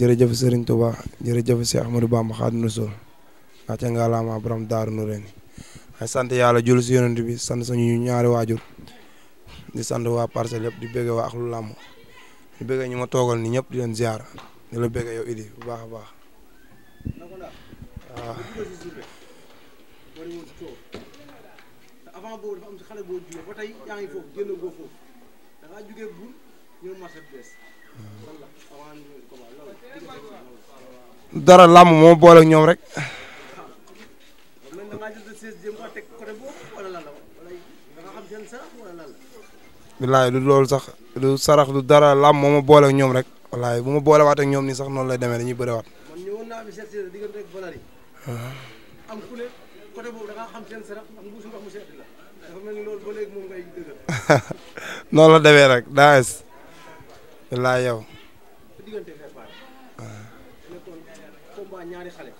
jërëjëf Serigne Touba jërëjëf si Ahmadou Bamba Xaadimu Rasuul acca nga laama borom daaru nu reeni ay sant yàlla jul si yonent bi sant suñu ñaari waajur di sant waa parcelle lépp di bëgge waa axlu làmm di bëgge ñu ma toogal ni ñëpp di leen ziar di la bëgge yow idi bu baax baax ah. ba tey dara làmb moo boole ñoom rek bilaay du loolu sax du sarax du dara lam moo ma boole ñoom rek wallaay bu ma boole waat ak ñoom nii sax noonu lay demee dañuy bëre waat noonu la demee rek daa es bilaay yow ñaari xale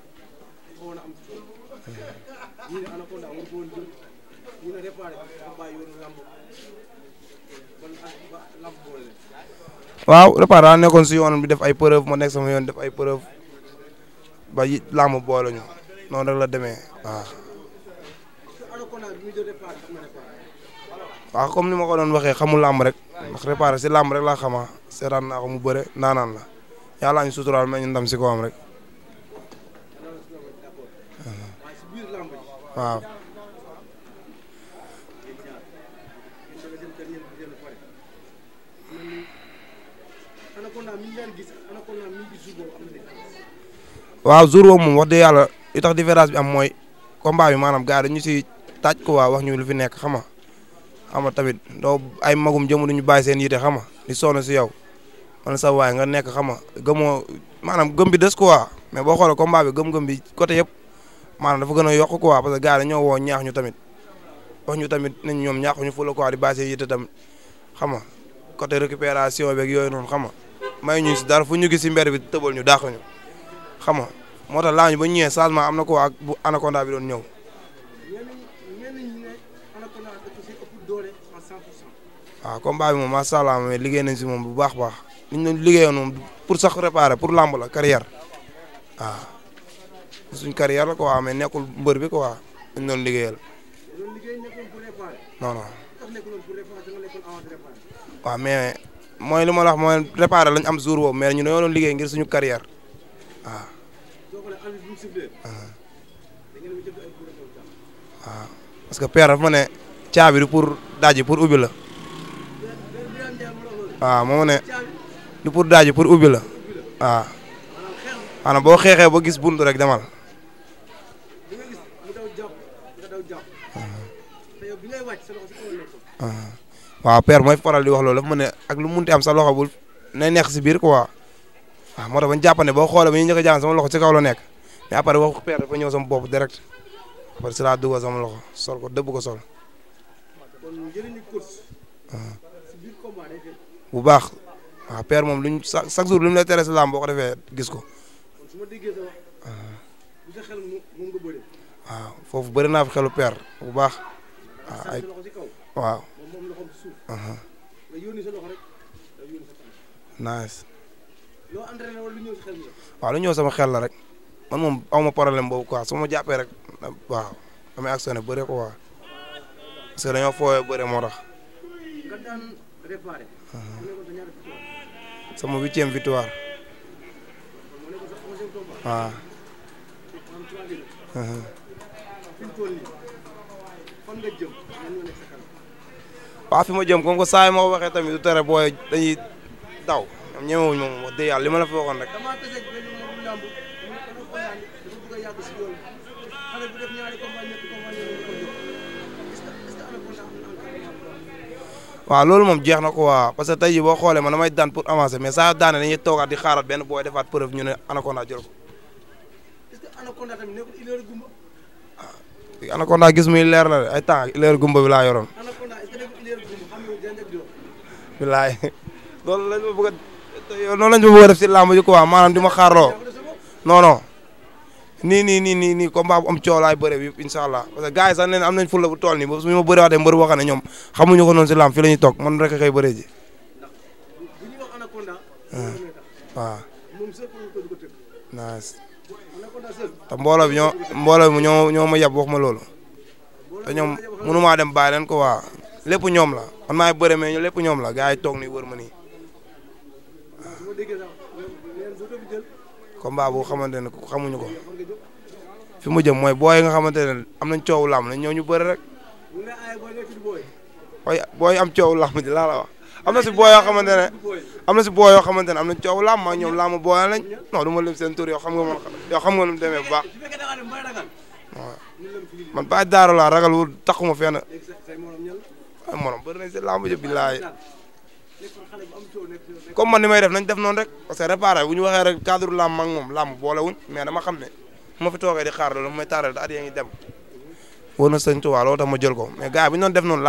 foo na ah, waaw réparé daa nekkoon si yoon bi def ay preuve ma nekk sama yoon def ay preuve ba yi lamb boole ñu noonu rek la demee aa waaw ni ma ko doon waxee xamu làmb rek ndax réparé si làmb rek laa xama seetaan naa ko mu bëre naanaan la yàlla ñu suturaal ma ñu ndam si ko rek waaw waaw jour boobu moom wax dëgg yàlla li tax différence bi am mooy combat bi maanaam gars ñu si taaj ko waa wax ñu lu fi nekk xam nga xam nga tamit doo ay magum jëmu ñu bàyyi seen yite xam nga di sonn si yow man sa waay nga nekk xam nga gëmoo maanaam gëm bi des quoi mais boo xoolee combat bi gëm-gëm bi côté yëpp maana dafa gën a yokk quoi parce que gars yi woo ñaax ñu tamit wax ñu tamit nañ ñoom ñaax ñu fu la quoi di basé yitte tamit xam nga côté récupération beeg yooyu noonu xam nga may ñu si dara fu ñu gis si mbir bi tëbal ñu daax ñu xam nga moo tax laa ñu ba ñu ñëwee changement am na ko ak bu anaconda bi doon ñëw. waaw combat bi moom macha allah mais liggéey nañ si moom bu baax baax li ñu doon liggéeyoon moom pour sax réparer pour làmb suñ carrière la quoi mais nekkul mbër bi quoi dañ liggéeyal. non mais mooy lu ma la wax mooy réparé lañ am jour boobu mais ñu dañoo doon liggéey ngir suñu carrière waaw. waaw parce que père dafa ma ne caabi du pour daaji pour ubbi la waaw moo ne du pour daaji pour ubbi la waaw maanaam boo xeexee ba gis bunt rek demal. Ah. waaw père mooy faral di wax loolu ma ne ak lu munti am sa loxo bul nay nekk si biir quoi waaw ah, moo tax bañ jàpp ne boo xoolee ba ñu njëkk a jàng sama loxo ci kaw la nekk mais après waxu père dafa ñëw sama bopp direct parce que laa dugg sama loxo sol ko dëbb ko sol. Ah. bu baax waaw père moom luñ chaque jour lu mu lay tere si làmb boo defee gis ko. waaw foofu bari naa fi xelu père bu baax waaw. nice. waaw lu ñëw sama xel la rek man moom awma problème boobu quoi su ma jàppee rek waaw damay actionné bëre ko waaw parce dañoo foowee bëre moo tax. sama huitième victoire waaw. waa fi ma jëm comme que saa yi ma ko waxee tamit du tere booy dañuy daw ñoom ñemewuñ li ma la fi waxoon rek. moom jeex na ko waa parce tey jii boo xoolee man damay daan pour avancer mais saa daane dañuy toogaat di xaaraat benn booy defaat preuve ñu ne Anaconda jël ko. est-ce que Anaconda tamit nekkul ah, gis muy leer ay temps ileer gumba bi laa yoroon. bilaay loolu lañ ma bëgg a noonu lañ ma bëgg a def si làmb ji quoi maanaam di ma xaarloo non non nii nii nii nii nii combat bu am coolaay bëre bi incha allah parce que gars yi sax nee na am nañ tool nii ba suñu ma xam ne ko noonu si làmb la ñuy toog man a koy bëree ji ah. waaw nice te ma yab wax lépp ñoom la man maay bëre mais lépp ñoom la gars yi toog ni wër ma nii combat boo xamante ne ku xamuñu ko fi mu jëm mooy booy nga xamante ne am nañ coow lam nañ ñoo ñu bëri rek waaye booy am coow lam di laa la wax am na si booy yoo xamante ne am na si booy yoo xamante ne am nañ coow lam ma ñoom lam booya lañ non du ma lim seen tur yoo xam nga man yoo xam nga lu mu demee bu baax waaw man bàyyi daaro laa ragal wul taxuma fenn morom bëri nañ si làmb ji billaay comme man ni may def nañ def noonu rek parce que réparé bu ñu waxee rek cadre làmb mag moom làmb boole wuñ mais xam ne ma fi toogee di xaar may taaral yaa ngi dem wóor na sëñ Tuubaa ma jël ko mais gars yi bu ñu doon def noonu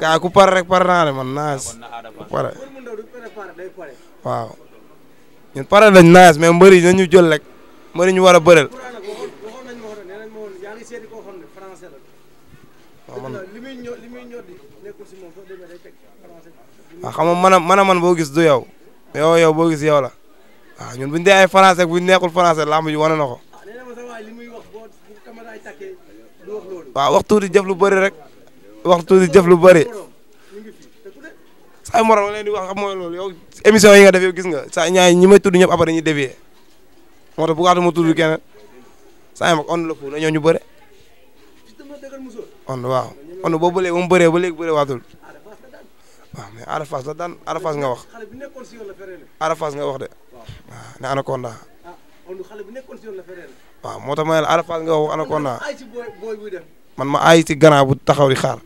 gaa ku pare rek pare naa ne man naas pare waaw ñun pare lañ naas mais mbëri nañ ñu jël rek mbëri ñu war a bëreel. waaw xam nga man boo gis du yow yow yow boo gis yow la waaw ñun buñ dee ay français buñ nekkul français lamb ji wane na ko. Ah, waaw wax tuuti lu bëri rek. wax tu jëf lu bëri saa morom leen di wax xam mooy loolu yow émission yi nga def yow gis saa ñaay ñi may tudd ñëpp après dañuy dévier moo bu gaatu ma tudd kenn saa yi mag on la fu dañoo ñu bëre on waaw on boobu ba léegi ba mu bëree ba léegi bëree wax Ada nga wax ah, de waaw moo tax ma man ma aay ci gannaaw bu taxaw di xaar.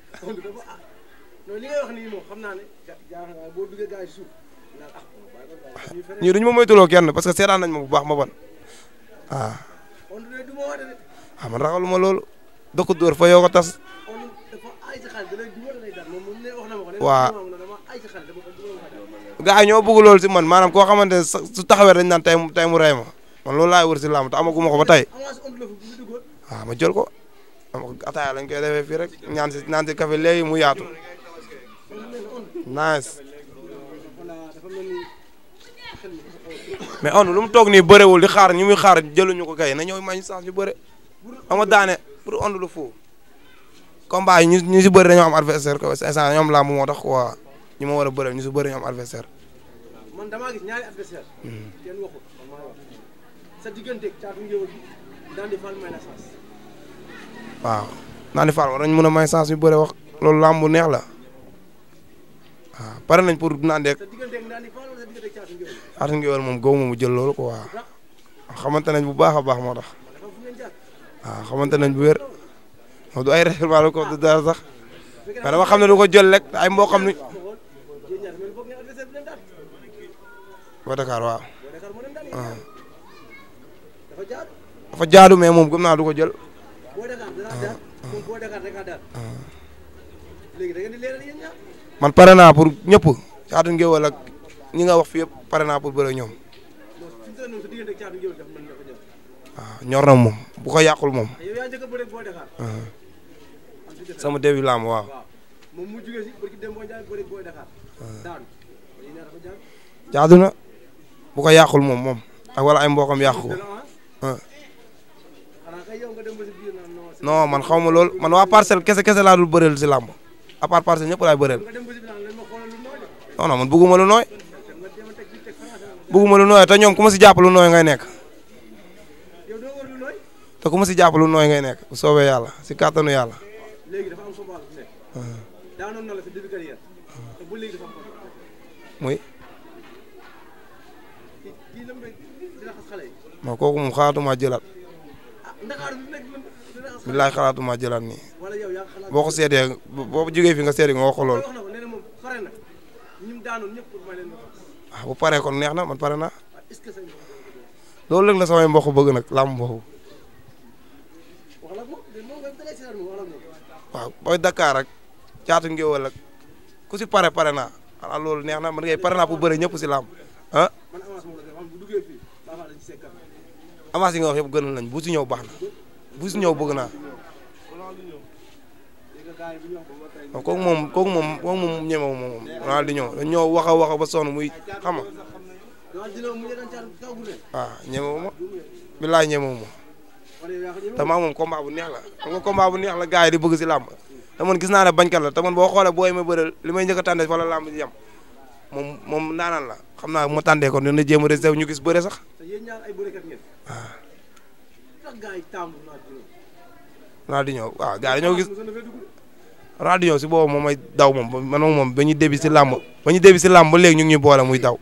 ñii duñu ma moytuloo kenn parce que seetaan nañ ma bu baax ma ban waaw. ah man raxalu ma loolu dëkk dóor fa yoo ko tas. waa gaa yi ñoo loolu si man maanaam koo xamante ne su taxawee dañ naan tey mu tey ma loolu laay wër si làmb te amaguma ko ba tey waaw ma jël ko. ataaya lañ koy defee fii rek ñaan si ñaan si mu yaatu nice mais on lu mu toog nii bëriwul di xaar ñu muy xaar jëluñu ko kay na ñëw mañ chance ñu bëri ama daane pour on lu fou combat ñu ñu si bëri dañoo am adversaire quoi instant ñoom làmb moo tax quoi ñu ma war a bëri ñu si bëri ñoo am adversaire waaw Nandi Fall war nañ mën a may chance bu bëre wax loolu laam bu neex la waaw pare nañ pour Nandi ak ngi Ngéwél moom gaw mu jël loolu quoi xamante nañ bu baax a baax moo tax waaw xamante nañ bu wér moom du ay résultat ko du dara sax mais dama xam ne du ko jël rek ay mboo xam ni ba Dakar waaw dafa jaadu mais moom gëm naa du ko jël. Ah. man pare naa pour ñëpp caatu ngéwél ak ñi nga wax fi yëpp pare naa pour bëre ñoom ah, ñor na moom bu ko yàqul moom ah, sama début laam waaw jaadu na bu ko yàqul moom moom ak wala ay mbokkam yàqu ko non man xaw ma loolu man waa parcelle kese kese laa dul bëreel si làmb à part ñëpp laay bëreel non non man bëgguma lu nooy bëgguma lu nooy te ñoom ku si jàpp lu nooy ngay nekk te ku ma si jàpp lu nooy ngay nekk bu soobee yàlla si kàttanu yàlla. Ah. Ah. muy. ma kooku moom xaatuma jëlaat. Ah, billaay xalaatuma jëlaat nii boo ko seetee boo jógee fi nga seetee nga wax ko ah, bu pare kon neex na man pare naa loolu léegi la samay mbokk bëgg nag làmb boobu waaw booy Dakar ak caatu ngéwal ku si pare pare naa xanaa loolu neex na man ngay pare naa pour bëre ñëpp si làmb ah avance yi nga nañ bu si ñëw baax bu si ñëw bëgg naa kooku moom kooku moom kooku moom ñeme moom moom Ronaldinho dañ ñoo wax a ba sonn muy xam nga waaw ah, ñeme ma billaay moom combat bu neex la xam bu neex la gars yi di bëgg si làmb te man gis naa ne bañkat la te man boo xoolee booy ma bëral li may njëkk a tànde wala làmb ji yem moom moom naanaan la xam naa bu ma tàndee kon dina jéem a ñu gis bëre sax Ronaldinho waaw gars yi ñoo gis Ronaldinho si boobu moom may daw moom man moom ba ñu débi si làmb ba ñu débi si làmb ba ñu ngi boole muy daw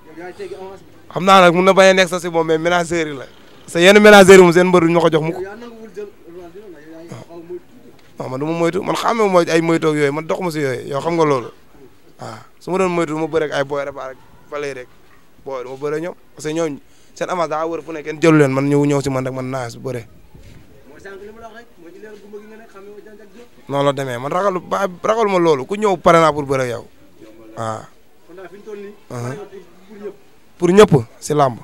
naa nag mun na bañ a nekk sax si moom mais ménageurs yi la sa yenn ménageurs yi moom seen mbër duñ ma ko jox mu ko waaw man du ma moytu man xam nga mooy ay moytoog yooyu man dox ma si yooyu yow xam nga loolu waaw su ma doon moytu du ma ay booy seen avance daa wër fu ne kenn jëlu leen man ñëw ñëw si man rek man naas bu bëre. noonu la demee man ragal ba ragal ma loolu ku ñëw pare naa pour bëre uh-huh. pour ñëpp si làmb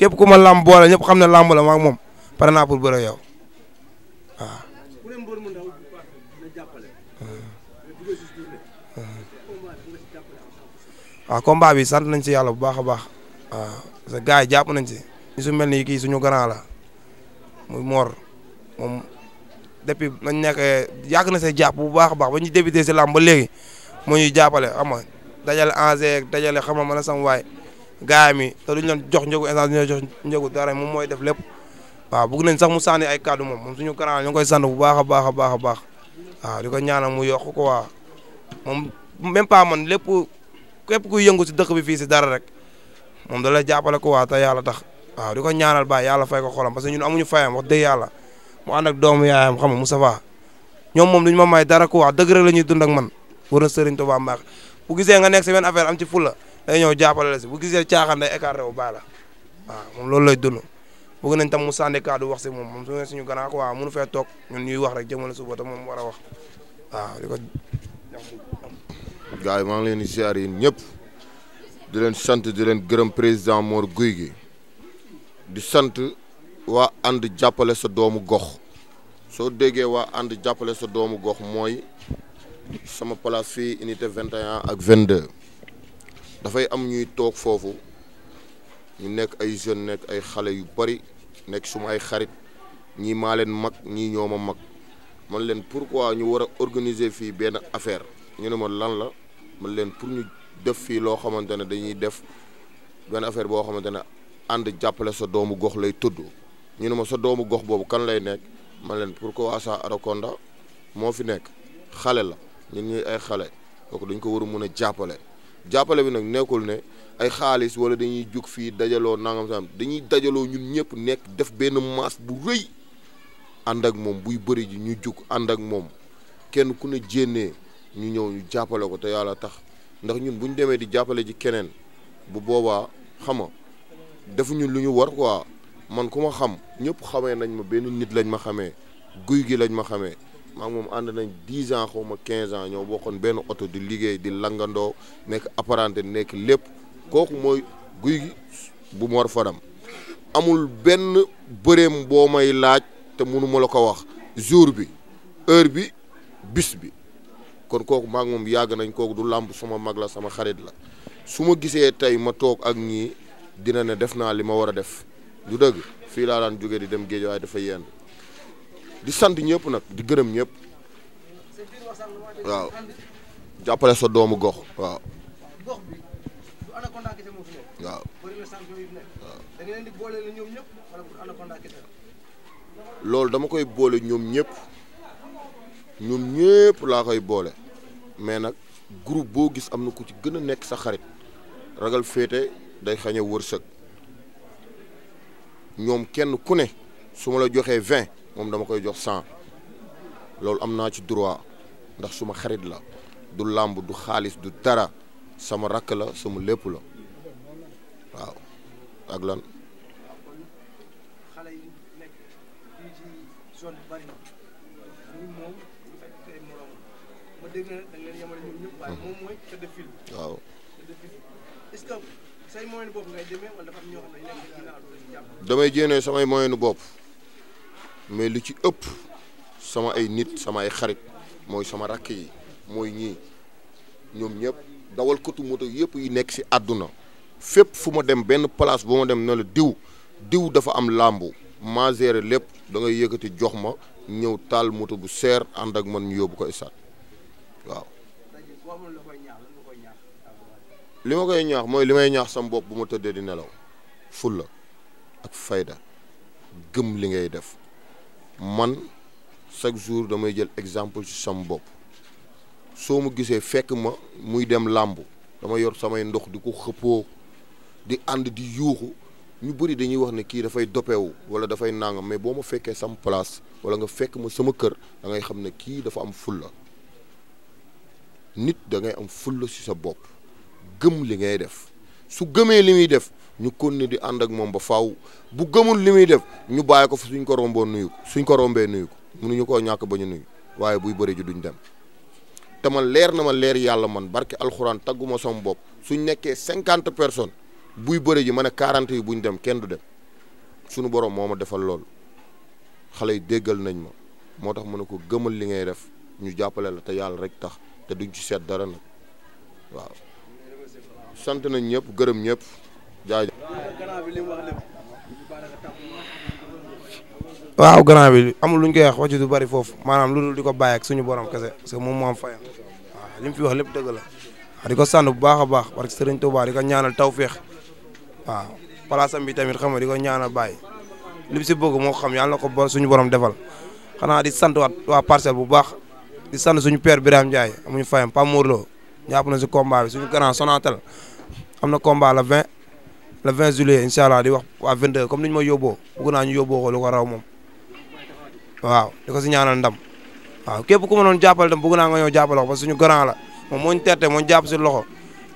képp ku ma làmb boole ñëpp xam ne làmb la ma ak moom pare naa pour bëre yow waaw. Uh-huh. Uh-huh. waaw combat bi sant nañ si yàlla bu baax a baax parce que gars jàpp nañ si ñu mel ni kii suñu grand la muy Mor moom depuis nañ nekk yàgg na see jàpp bu baax a baax ba ñu débuté si làmb ba léegi moo ñuy jàppale xam nga dajale engrais dajale xam nga mën a sam waay gars mi te duñ leen jox njëgu essence duñ jox njëgu dara moom mooy def lépp waaw bëgg nañ sax mu sànni ay kàddu moom moom suñu grand ñu ngi koy sant bu baax a baax a baax a baax waaw di ko ñaanal mu yokk ko waa moom même pas man lépp képp kuy yëngu si dëkk bi fiis dara rek. moom da lay jàppale ko waa te yàlla tax waaw di ko ñaanal baay yàlla fay ko xolam parce que ñun amuñu fayam wax dëgg yàlla mu ànd ak doomu yaayam xam nga Moustapha ñoom moom duñ ma may dara ko waa dëgg la ñuy dund ak man war na Serigne Touba Mbacke bu gisee nga nekk si benn affaire am ci fula day ñëw jàppale la si bu gisee caaxaan day écarté wu baax la waaw moom loolu lay dund bëgg nañ tam mu sànni kàddu wax si moom moom su suñu gannaaw quoi mënu fee toog ñun ñuy wax rek jëmale suba te moom war wax waaw di ko. gars yi maa ngi leen di ziar yi ñëpp di leen sant di leen gërëm président moor Guy gi di sant waa ànd jàppale sa doomu gox soo déggee waa ànd jàppale sa doomu gox mooy sama place fii unité 21 ak 22 dafay am ñuy toog foofu ñu nekk ay jeunes nekk ay xale yu bari nekk suma ay xarit ñii maa leen mag ñii ñoo ma mag man leen pourquoi ñu war a organiser fii benn affaire ñu ne ma lan la man leen pour ñu. def fii loo xamante ne dañuy def benn affaire boo xamante ne ànd jàppale sa doomu gox lay tudd ñu ne ma sa doomu gox boobu kan lay nekk man leen pour que waa sa Arakonda moo fi nekk xale la ñun ñuy ay xale kooku dañ ko war a mun a jàppale jàppale bi nag nekkul ne ay xaalis wala dañuy jug fii dajaloo nangam sam dañuy dajaloo ñun ñëpp nekk def benn masse bu rëy ànd ak moom buy bëri ji ñu jug ànd ak moom kenn ku ne jénnee ñu ñëw ñu jàppale ko te yàlla tax ndax ñun bu ñu demee di jàppale ci keneen bu boobaa xama defu ñun lu ñu war quoi man ku ma xam ñëpp xamee nañ ma benn nit lañ ma xamee guy gi lañ ma xamee maa moom ànd nañ dix ans xaw ma quinze ans ñoo bokkoon benn oto di liggéey di langandoo nekk apparenté nekk lépp kooku mooy guy gi bu Mor Fadam amul benn bëreem boo may laaj te mënu ma la ko wax jour bi heure bi bis bi kon kooku maa moom yàgg nañ kooku du làmb suma mag la sama xarit la su ma gisee tey ma toog ak ñii dina ne def naa li ma war a def du dëgg fii laa daan jóge di dem géej waaye dafa yenn di sant ñëpp nag di gërëm ñëpp waaw jàppale sa doomu gox waaw waaw loolu dama koy boole ñoom ñépp ñoom ñëpp laa koy boole mais nag groupe boo gis am na ku ci gën a nekk sa xarit ragal féete day xañ a wërsëg ñoom kenn ku ne su ma la joxee vingt moom dama koy jox cent loolu am naa ci droit ndax suma xarit la du làmb du xaalis du dara sama rakk la sama lépp la waaw ak lan Hmm. waaw. damay jéene samay moyenu bopp mais lu ci ëpp sama ay nit sama ay xarit mooy sama rakk yi mooy ñii ñoom ñëpp dawal kotu moto yëpp yi nekk ci àdduna fépp fu ma dem benn place bu ma dem ne diw diw dafa am làmbu maa géré lépp da ngay yëkkati jox ma ñëw taal moto bu seer ànd ak man ñu yóbbu ko isaat waaw. li ma koy ñaax mooy li may ñaax sama bopp bu ma tëddee di nelaw fulla ak fayda gëm li ngay def man chaque jour damay jël exemple ci sama bopp soo mu gisee fekk ma muy dem làmb dama yor samay ndox di ko xëppoo di ànd di yuuxu ñu bëri dañuy wax ne kii dafay dopewu wala dafay nangam mais boo ma fekkee sama place wala nga fekk ma sama kër da ngay xam ne kii dafa am fulla nit da ngay am fulla si sa bopp gëm li ngay def su gëmee li muy def ñu kon ne di ànd ak moom ba faw bu gëmul li muy def ñu bàyyi ko suñ ko romboo nuyu ko suñ ko rombee nuyu ko mënuñu koo ñàkk ba ñu nuyu waaye buy bëri ji duñ dem te leer na ma leer yàlla man barke alxuraan tagguma sama bopp suñ nekkee cinquante personnes buy bëri ji ma ne quarante yi buñ dem kenn du dem sunu borom moo ma defal lool xale yi déggal nañ ma moo tax mu ne ko gëmal li ngay def ñu jàppale la te yàlla rek tax te duñ ci seet dara nag sant nañ ñëpp gërëm ñëpp jaajëf. waaw grand bi amul lu ñu koy wax du bari foofu maanaam lu dul di ko bàyyi suñu borom kese parce que moom moo am fayam waaw mu fi wax lépp dëgg la ko sant bu baax a baax parce que Serigne Touba di ko ñaanal waaw place am bi tamit xam nga di ko ñaanal bàyyi li mu si bëgg moo xam yàlla na ko suñu borom defal xanaa di sant waa parcelle bu baax. di sant suñu père Birame Ndiaye amuñu fayam Pape Morlo ñàpp na si combat suñu grand Sonatel am na combat le 20 le 20 juillet incha allah di wax waa 22 comme ni ñu ma yóbboo bëgg naa ñu yóbboo ko lu raw moom waaw di ko si ñaanal ndam waaw képp ku ma doon jàppale tam bëgg naa nga ñëw jàppale ko parce que suñu grand la moom moo ñu terte jàpp si loxo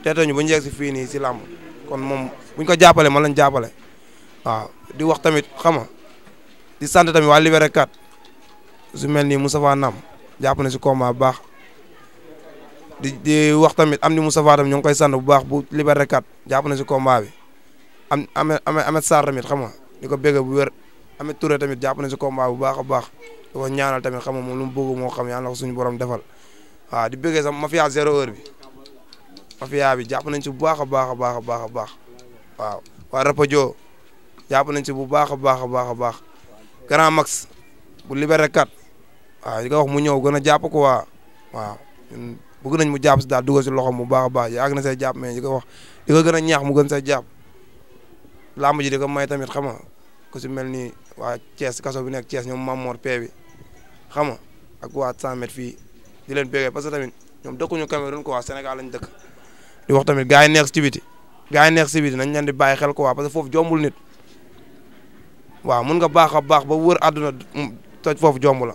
terte ñu ba ñu si fii nii si làmb kon moom bu ñu ko jàppale ma lañ jàppale waaw di wax tamit xam nga di sant tamit waa Liberté 4 su mel nii Moustapha Nam jàpp na si combat bu baax di di wax tamit am ni Moustapha tamit ñu koy sant bu baax bu Liberté jàpp na si combat bi am ame Amet Sarr tamit xam nga di ko bégg bu wér Amet Touré tamit jàpp na si combat bu baax a baax di ko ñaanal tamit xam mu moom lu mu bëgg moo xam yàlla na ko suñu borom defal waaw di bëggee sax mafia zéro heure bi mafia bi jàpp nañ si bu baax a baax a baax a baax a baax waaw waa jàpp nañ si bu baax a baax a baax a baax Grand Max bu Liberté 4 waaw di ko wax mu ñëw gën a jàpp ko waa waaw bëgg nañ mu jàpp si daal dugal si loxo mu baax a baax yàgg na say jàpp mais di ko wax di ko gën a ñaax mu gën say jàpp làmb ji di ko may tamit xam nga ku si mel ni waa cees kaso bi nekk Thiès ñoom Mamor Pee bi xam nga ak waa 100 mètres fii leen béggee parce que tamit ñoom dëkkuñu Cameroun quoi Sénégal lañ dëkk di wax tamit gaa yi nekk ci biti gars yi nekk nañ leen di bàyyi xel quoi parce que foofu jombul nit waaw mun nga baax baax ba wër àdduna toj foofu jombula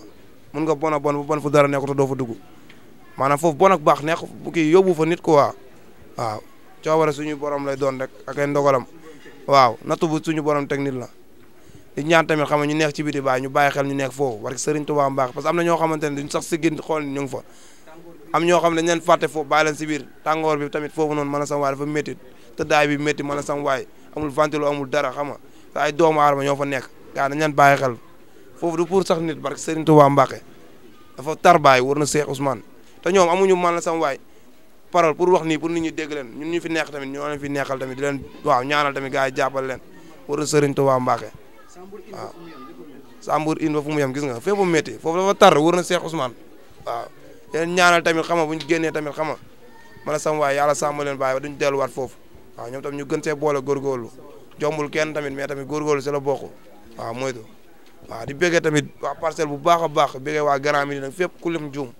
mun nga bon a bon bu bon fu dara nekk te doo fa dugg maanaam foofu bon baax nekk bu kii yóbbu fa nit ko waa waaw coobare suñu borom lay doon rek ak ay ndogalam waaw nattu bu suñu borom teg nit la di ñaan tamit xam ñu nekk ci biti baay ñu bàyyi xel ñu nekk foofu parce que Serigne Touba mbaax parce que ñoo xamante ne duñ sax si gën xool ñu ngi fa am ñoo xam ne dañ leen fàtte foofu bàyyi si biir tàngoor bi tamit foofu noonu mën a sam waay dafa métti tëddaay bi métti mën a sam waay amul ventilo amul dara xam nga te ay doomu aadama ñoo fa nekk gaa dañ ñaan bàyyi xel foofu du pour sax nit barke tu Touba Mbacké dafa tarbaay war na seex Ousmane te ñoom amuñu man la sama waay parole pour wax nii pour nit ñu dégg leen ñun ñu fi neex tamit ñu leen fi neexal tamit di leen waaw ñaanal tamit gars yi leen war na Serigne Touba Mbacké waaw Sambour in ba fu mu gis nga fépp mu métti foofu tar war na Cheikh Ousmane waaw leen ñaanal tamit xama génnee tamit xama man la sama waay yàlla sàmm leen bàyyi ba duñ foofu waaw ñoom tam ñu gën see boole góorgóorlu jombul kenn tamit me tamit góorgóorlu si la bokk waaw moytu waaw di béggee tamit waa parcelle bu baax a baax béggee waa Grand Médine nag fépp juum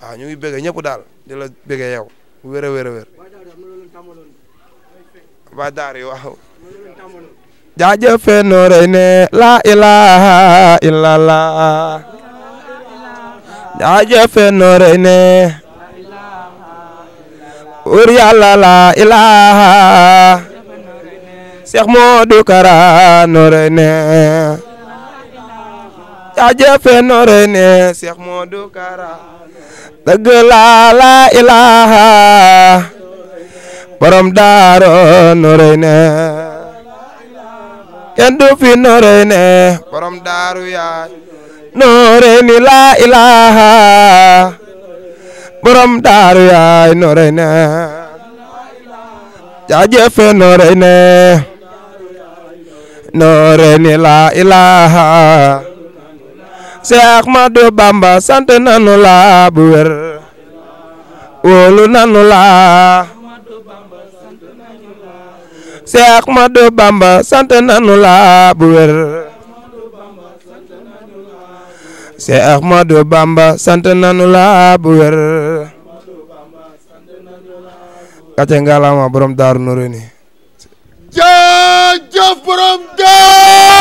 waaw ñu ngi béggee daal di la béggee yow bu wér a wér a daar yi waaw jaajëfe nooray ne la ilaha illallah jaajëfe nooray ne ur yàlla tajafe nore ne Cheikh Modou Kara dëgg la la ilaha borom daaro nore ne kenn du fi nore borom daaru yaay nore ni la ilaha borom daaru yaay nore ne jajefe nore ne nore ni la ilaha Seex Ahmadu Bamba sant nanu la bu wér wóolu nanu la Seex Ahmadu Bamba sant nanu la bu wér Seex Ahmadu Bamba sant nanu la bu wér kàcce ngalama borom daaru noreni jëjëf borom daaru